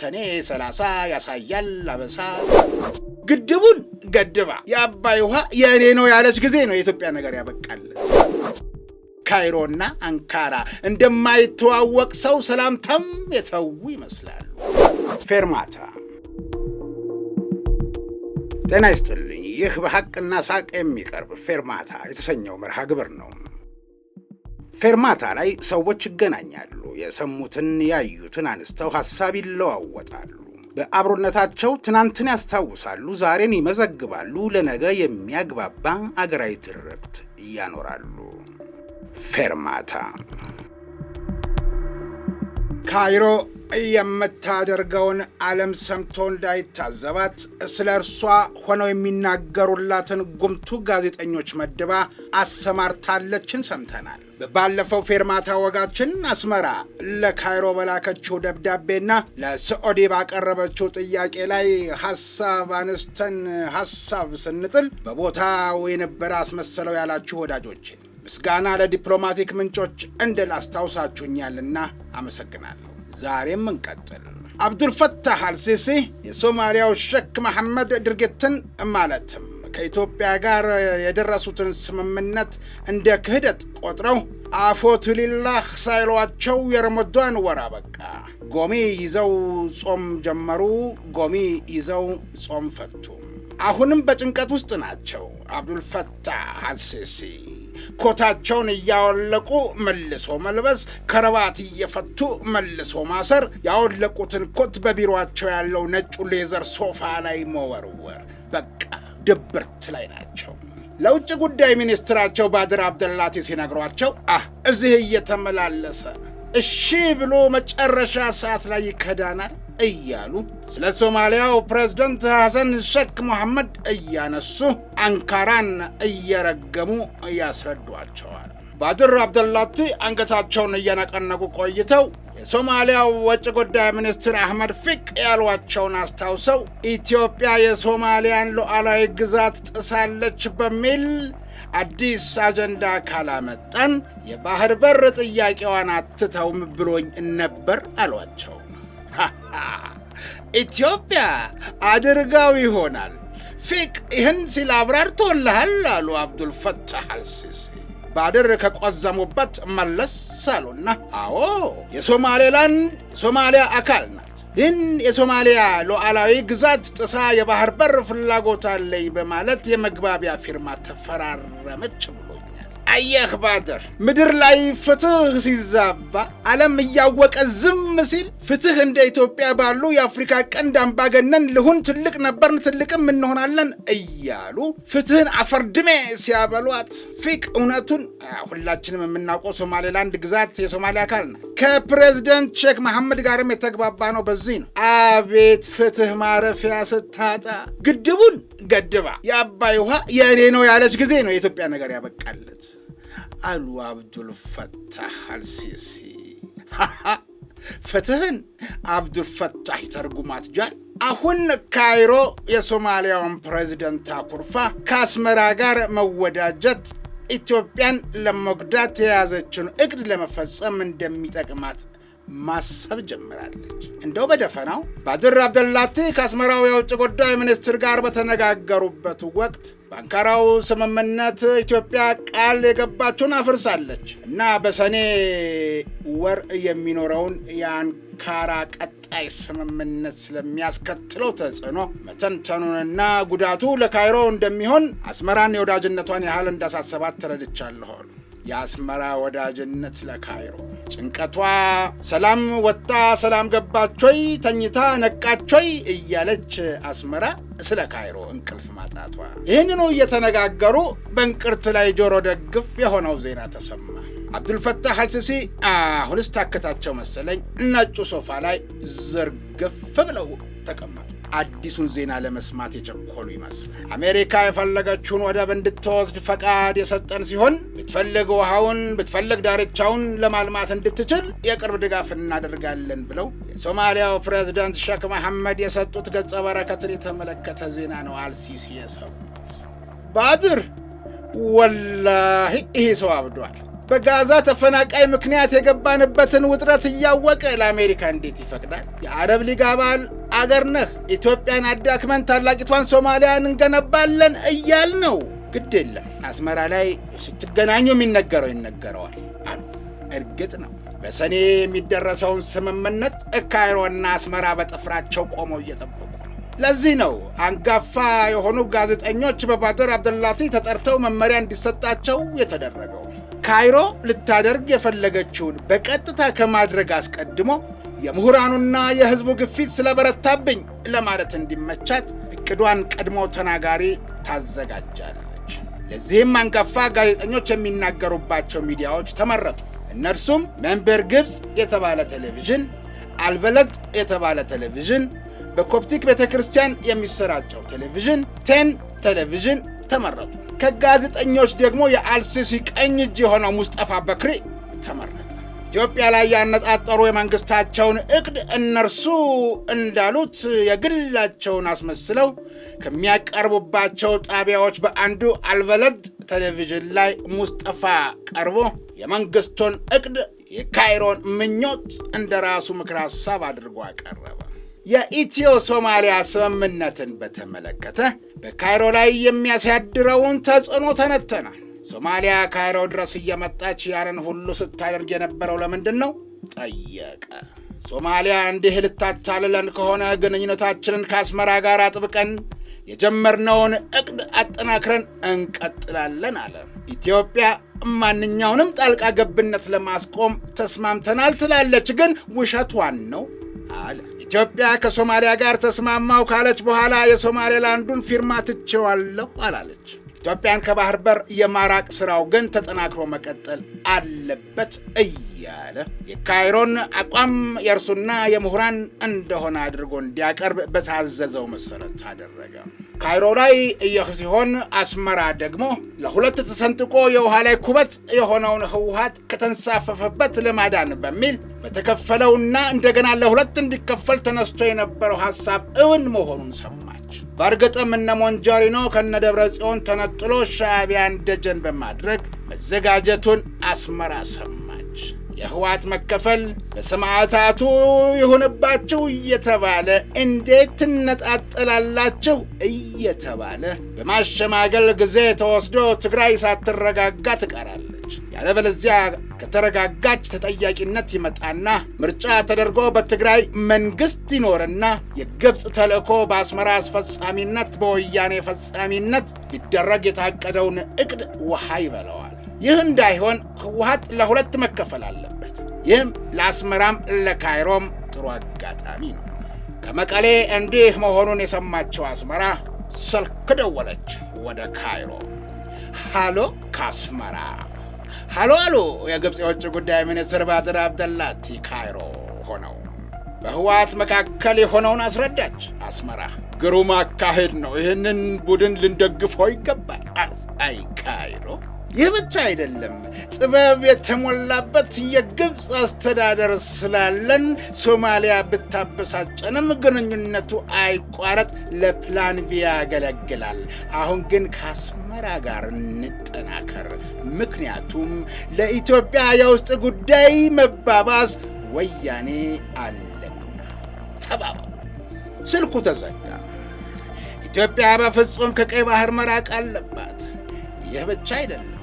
ሰኔ 30 ያሳያል አበሳ ግድቡን ገድባ የአባይ ውሃ የእኔ ነው ያለች ጊዜ ነው የኢትዮጵያ ነገር ያበቃለት። ካይሮና አንካራ እንደማይተዋወቅ ሰው ሰላምታም የተዉ ይመስላሉ። ፌርማታ ጤና ይስጥልኝ። ይህ በሐቅና ሳቅ የሚቀርብ ፌርማታ የተሰኘው መርሃ ግብር ነው። ፌርማታ ላይ ሰዎች ይገናኛሉ የሰሙትን ያዩትን አንስተው ሀሳብ ይለዋወጣሉ። በአብሮነታቸው ትናንትን ያስታውሳሉ፣ ዛሬን ይመዘግባሉ፣ ለነገ የሚያግባባ አገራዊ ትርክት እያኖራሉ። ፌርማታ ካይሮ የምታደርገውን ዓለም ሰምቶ እንዳይታዘባት ስለ እርሷ ሆነው የሚናገሩላትን ጉምቱ ጋዜጠኞች መድባ አሰማርታለችን ሰምተናል። ባለፈው ፌርማታ ወጋችን አስመራ ለካይሮ በላከችው ደብዳቤና ለስዑዲ ባቀረበችው ጥያቄ ላይ ሀሳብ አነስተን ሀሳብ ስንጥል በቦታው የነበረ አስመሰለው ያላችሁ ወዳጆች ምስጋና ለዲፕሎማቲክ ምንጮች እንድል አስታውሳችሁኛልና አመሰግናለሁ። ዛሬም እንቀጥል። አብዱልፈታህ አልሲሲ የሶማሊያው ሼክ መሐመድ ድርጊትን ማለትም ከኢትዮጵያ ጋር የደረሱትን ስምምነት እንደ ክህደት ቆጥረው አፎትሊላህ ሳይሏቸው የረመዷን ወር አበቃ። ጎሚ ይዘው ጾም ጀመሩ፣ ጎሚ ይዘው ጾም ፈቱ። አሁንም በጭንቀት ውስጥ ናቸው። አብዱልፈታህ አልሲሲ ኮታቸውን እያወለቁ መልሶ መልበስ፣ ከረባት እየፈቱ መልሶ ማሰር፣ ያወለቁትን ኮት በቢሮቸው ያለው ነጩ ሌዘር ሶፋ ላይ መወርወር በቃ ድብርት ላይ ናቸው። ለውጭ ጉዳይ ሚኒስትራቸው ባድር አብደላቴ ሲነግሯቸው አህ እዚህ እየተመላለሰ እሺ ብሎ መጨረሻ ሰዓት ላይ ይከዳናል እያሉ ስለ ሶማሊያው ፕሬዝደንት ሐሰን ሼክ መሐመድ እያነሱ አንካራን እየረገሙ ያስረዷቸዋል። ባድር አብደላቲ አንገታቸውን እያነቀነቁ ቆይተው የሶማሊያው ውጭ ጉዳይ ሚኒስትር አህመድ ፊቅ ያሏቸውን አስታውሰው ኢትዮጵያ የሶማሊያን ሉዓላዊ ግዛት ጥሳለች በሚል አዲስ አጀንዳ ካላመጣን የባህር በር ጥያቄዋን አትተውም ብሎኝ ነበር አሏቸው። ኢትዮጵያ አድርጋው ይሆናል ፊቅ ይህን ሲል አብራርቶልሃል አሉ አብዱልፈታህ አልሲሲ። ባድር ከቋዘሙበት መለስ አሉና፣ አዎ የሶማሌላንድ የሶማሊያ አካል ናት። ይህን የሶማሊያ ሉዓላዊ ግዛት ጥሳ የባህር በር ፍላጎት አለኝ በማለት የመግባቢያ ፊርማ ተፈራረመች ብሎ አየህ ባድር፣ ምድር ላይ ፍትህ ሲዛባ ዓለም እያወቀ ዝም ሲል ፍትህ እንደ ኢትዮጵያ ባሉ የአፍሪካ ቀንድ አምባገነን ልሁን ትልቅ ነበርን ትልቅም እንሆናለን እያሉ ፍትህን አፈርድሜ ሲያበሏት ፊቅ እውነቱን ሁላችንም የምናውቀው ሶማሌላንድ ግዛት የሶማሌ አካል ነው። ከፕሬዚደንት ሼክ መሐመድ ጋርም የተግባባ ነው። በዚህ ነው አቤት ፍትህ ማረፊያ ስታጣ ግድቡን ገድባ የአባይ ውሃ የእኔ ነው ያለች ጊዜ ነው የኢትዮጵያ ነገር ያበቃለት። አሉ ፈታህ አልሲሲ። ፍትህን ፈታህ ይተርጉማት ጃል አሁን ካይሮ የሶማሊያውን ፕሬዚደንት አኩርፋ ከአስመራ ጋር መወዳጀት ኢትዮጵያን ለመጉዳት የያዘችውን እቅድ ለመፈጸም እንደሚጠቅማት ማሰብ ጀምራለች። እንደው በደፈናው ባድር አብደላቲ ከአስመራው የውጭ ጉዳይ ሚኒስትር ጋር በተነጋገሩበት ወቅት በአንካራው ስምምነት ኢትዮጵያ ቃል የገባችውን አፍርሳለች እና በሰኔ ወር የሚኖረውን የአንካራ ቀጣይ ስምምነት ስለሚያስከትለው ተጽዕኖ መተንተኑንና ጉዳቱ ለካይሮ እንደሚሆን አስመራን የወዳጅነቷን ያህል እንዳሳሰባት ተረድቻለሁ። የአስመራ ወዳጅነት ለካይሮ ጭንቀቷ ሰላም ወጣ ሰላም ገባቾይ ተኝታ ነቃቾይ እያለች አስመራ ስለ ካይሮ እንቅልፍ ማጣቷ ይህንኑ እየተነጋገሩ በእንቅርት ላይ ጆሮ ደግፍ የሆነው ዜና ተሰማ። አብዱልፈታህ አልሲሲ አሁንስ ታከታቸው መሰለኝ ነጩ ሶፋ ላይ ዘርገፍ ብለው ተቀመጡ። አዲሱን ዜና ለመስማት የቸኮሉ ይመስላል። አሜሪካ የፈለገችውን ወደብ እንድትወስድ ፈቃድ የሰጠን ሲሆን ብትፈልግ ውሃውን ብትፈልግ ዳርቻውን ለማልማት እንድትችል የቅርብ ድጋፍ እናደርጋለን ብለው የሶማሊያው ፕሬዝዳንት ሼክ መሐመድ የሰጡት ገጸ በረከትን የተመለከተ ዜና ነው አልሲሲ የሰሙት። ባድር ወላሂ ይህ ሰው አብዷል። በጋዛ ተፈናቃይ ምክንያት የገባንበትን ውጥረት እያወቀ ለአሜሪካ እንዴት ይፈቅዳል? የአረብ ሊግ አባል አገር ነህ። ኢትዮጵያን አዳክመን ታላቂቷን ሶማሊያን እንገነባለን እያል ነው። ግድ የለም አስመራ ላይ ስትገናኙ የሚነገረው ይነገረዋል አሉ። እርግጥ ነው በሰኔ የሚደረሰውን ስምምነት እካይሮና አስመራ በጥፍራቸው ቆመው እየጠበቁ ነው። ለዚህ ነው አንጋፋ የሆኑ ጋዜጠኞች በባድር አብደላቲ ተጠርተው መመሪያ እንዲሰጣቸው የተደረገው። ካይሮ ልታደርግ የፈለገችውን በቀጥታ ከማድረግ አስቀድሞ የምሁራኑና የህዝቡ ግፊት ስለበረታብኝ ለማለት እንዲመቻት እቅዷን ቀድሞ ተናጋሪ ታዘጋጃለች። ለዚህም አንጋፋ ጋዜጠኞች የሚናገሩባቸው ሚዲያዎች ተመረጡ። እነርሱም መንበር ግብፅ የተባለ ቴሌቪዥን፣ አልበለድ የተባለ ቴሌቪዥን፣ በኮፕቲክ ቤተ ክርስቲያን የሚሰራጨው ቴሌቪዥን፣ ቴን ቴሌቪዥን ተመረጡ። ከጋዜጠኞች ደግሞ የአልሲሲ ቀኝ እጅ የሆነው ሙስጠፋ በክሪ ተመረጡ። ኢትዮጵያ ላይ ያነጣጠሩ የመንግስታቸውን እቅድ እነርሱ እንዳሉት የግላቸውን አስመስለው ከሚያቀርቡባቸው ጣቢያዎች በአንዱ አልበለድ ቴሌቪዥን ላይ ሙስጠፋ ቀርቦ የመንግስቱን እቅድ የካይሮን ምኞት እንደ ራሱ ምክር ሀሳብ አድርጎ አቀረበ። የኢትዮ ሶማሊያ ስምምነትን በተመለከተ በካይሮ ላይ የሚያሳድረውን ተጽዕኖ ተነተናል። ሶማሊያ ካይሮ ድረስ እየመጣች ያንን ሁሉ ስታደርግ የነበረው ለምንድን ነው ጠየቀ። ሶማሊያ እንዲህ ልታታልለን ከሆነ ግንኙነታችንን ከአስመራ ጋር አጥብቀን የጀመርነውን እቅድ አጠናክረን እንቀጥላለን አለ። ኢትዮጵያ ማንኛውንም ጣልቃ ገብነት ለማስቆም ተስማምተናል ትላለች፣ ግን ውሸቷን ነው አለ። ኢትዮጵያ ከሶማሊያ ጋር ተስማማው ካለች በኋላ የሶማሌላንዱን ፊርማ ትቼዋለሁ አላለች። ኢትዮጵያን ከባህር በር የማራቅ ስራው ግን ተጠናክሮ መቀጠል አለበት እያለ የካይሮን አቋም የእርሱና የምሁራን እንደሆነ አድርጎ እንዲያቀርብ በታዘዘው መሰረት አደረገ። ካይሮ ላይ ይህ ሲሆን አስመራ ደግሞ ለሁለት ተሰንጥቆ የውሃ ላይ ኩበት የሆነውን ህወሀት ከተንሳፈፈበት ለማዳን በሚል በተከፈለውና እንደገና ለሁለት እንዲከፈል ተነስቶ የነበረው ሐሳብ እውን መሆኑን ሰማ። በእርግጥም እነ ሞንጃሪኖ ከነ ደብረ ጽዮን ተነጥሎ ሻዕቢያ ደጀን በማድረግ መዘጋጀቱን አስመራ ሰማች። የህወሓት መከፈል በሰማዕታቱ ይሁንባችሁ እየተባለ እንዴት ትነጣጠላላችሁ እየተባለ በማሸማገል ጊዜ ተወስዶ ትግራይ ሳትረጋጋ ትቀራለች። ትችላለች። ያለበለዚያ ከተረጋጋች ተጠያቂነት ይመጣና ምርጫ ተደርጎ በትግራይ መንግስት ይኖርና የግብፅ ተልእኮ በአስመራ አስፈጻሚነት በወያኔ ፈጻሚነት ሊደረግ የታቀደውን እቅድ ውሃ ይበለዋል። ይህ እንዳይሆን ህወሀት ለሁለት መከፈል አለበት። ይህም ለአስመራም ለካይሮም ጥሩ አጋጣሚ ነው። ከመቀሌ እንዲህ መሆኑን የሰማችው አስመራ ስልክ ደወለች ወደ ካይሮ። ሃሎ ካስመራ ሀሎ አሉ የግብፅ የውጭ ጉዳይ ሚኒስትር ባድር አብደላቲ ካይሮ ሆነው በህወሓት መካከል የሆነውን አስረዳች አስመራ። ግሩም አካሄድ ነው፣ ይህንን ቡድን ልንደግፈው ይገባል አሉ። አይ ካይሮ፣ ይህ ብቻ አይደለም፣ ጥበብ የተሞላበት የግብፅ አስተዳደር ስላለን ሶማሊያ ብታበሳጨንም ግንኙነቱ አይቋረጥ፣ ለፕላን ቢ ያገለግላል። አሁን ግን ካስመ ከአስመራ ጋር እንጠናከር። ምክንያቱም ለኢትዮጵያ የውስጥ ጉዳይ መባባስ ወያኔ አለና ተባባ። ስልኩ ተዘጋ። ኢትዮጵያ በፍጹም ከቀይ ባህር መራቅ አለባት። ይህ ብቻ አይደለም።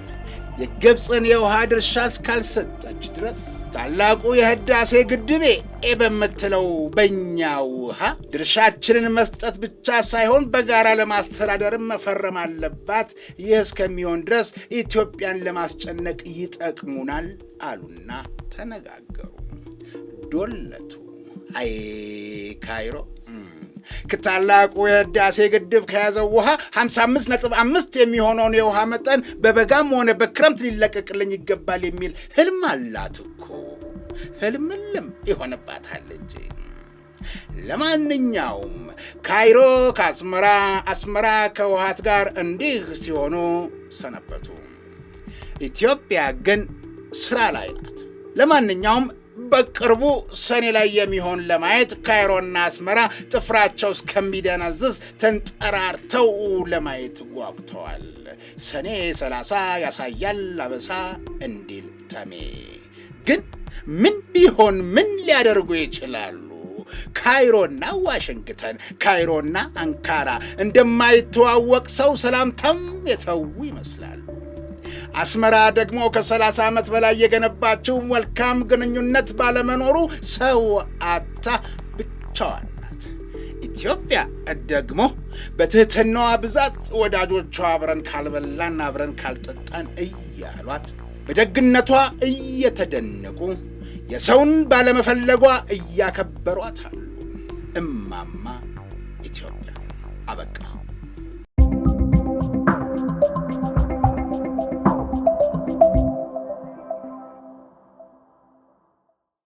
የግብፅን የውሃ ድርሻ እስካልሰጠች ድረስ ታላቁ የህዳሴ ግድቤ ኤ በምትለው በእኛ ውሃ ድርሻችንን መስጠት ብቻ ሳይሆን በጋራ ለማስተዳደርም መፈረም አለባት። ይህ እስከሚሆን ድረስ ኢትዮጵያን ለማስጨነቅ ይጠቅሙናል አሉና ተነጋገሩ። ዶለቱ አይ ካይሮ ከታላቁ የህዳሴ ግድብ ከያዘው ውሃ 55 ነጥብ 5 የሚሆነውን የውሃ መጠን በበጋም ሆነ በክረምት ሊለቀቅልኝ ይገባል የሚል ህልም አላት እኮ ህልምልም ይሆንባታል እንጂ። ለማንኛውም ካይሮ ከአስመራ፣ አስመራ ከውሃት ጋር እንዲህ ሲሆኑ ሰነበቱ። ኢትዮጵያ ግን ስራ ላይ ናት። ለማንኛውም በቅርቡ ሰኔ ላይ የሚሆን ለማየት ካይሮና አስመራ ጥፍራቸው እስከሚደነዝዝ ተንጠራርተው ለማየት ጓጉተዋል። ሰኔ 30 ያሳያል አበሳ እንዲል ተሜ። ግን ምን ቢሆን ምን ሊያደርጉ ይችላሉ? ካይሮና ዋሽንግተን፣ ካይሮና አንካራ እንደማይተዋወቅ ሰው ሰላምታም የተዉ ይመስላል። አስመራ ደግሞ ከ30 ዓመት በላይ የገነባችው መልካም ግንኙነት ባለመኖሩ ሰው አታ ብቻዋል። ናት። ኢትዮጵያ ደግሞ በትህትናዋ ብዛት ወዳጆቿ አብረን ካልበላን አብረን ካልጠጣን እያሏት በደግነቷ እየተደነቁ የሰውን ባለመፈለጓ እያከበሯት አሉ። እማማ ኢትዮጵያ አበቃ።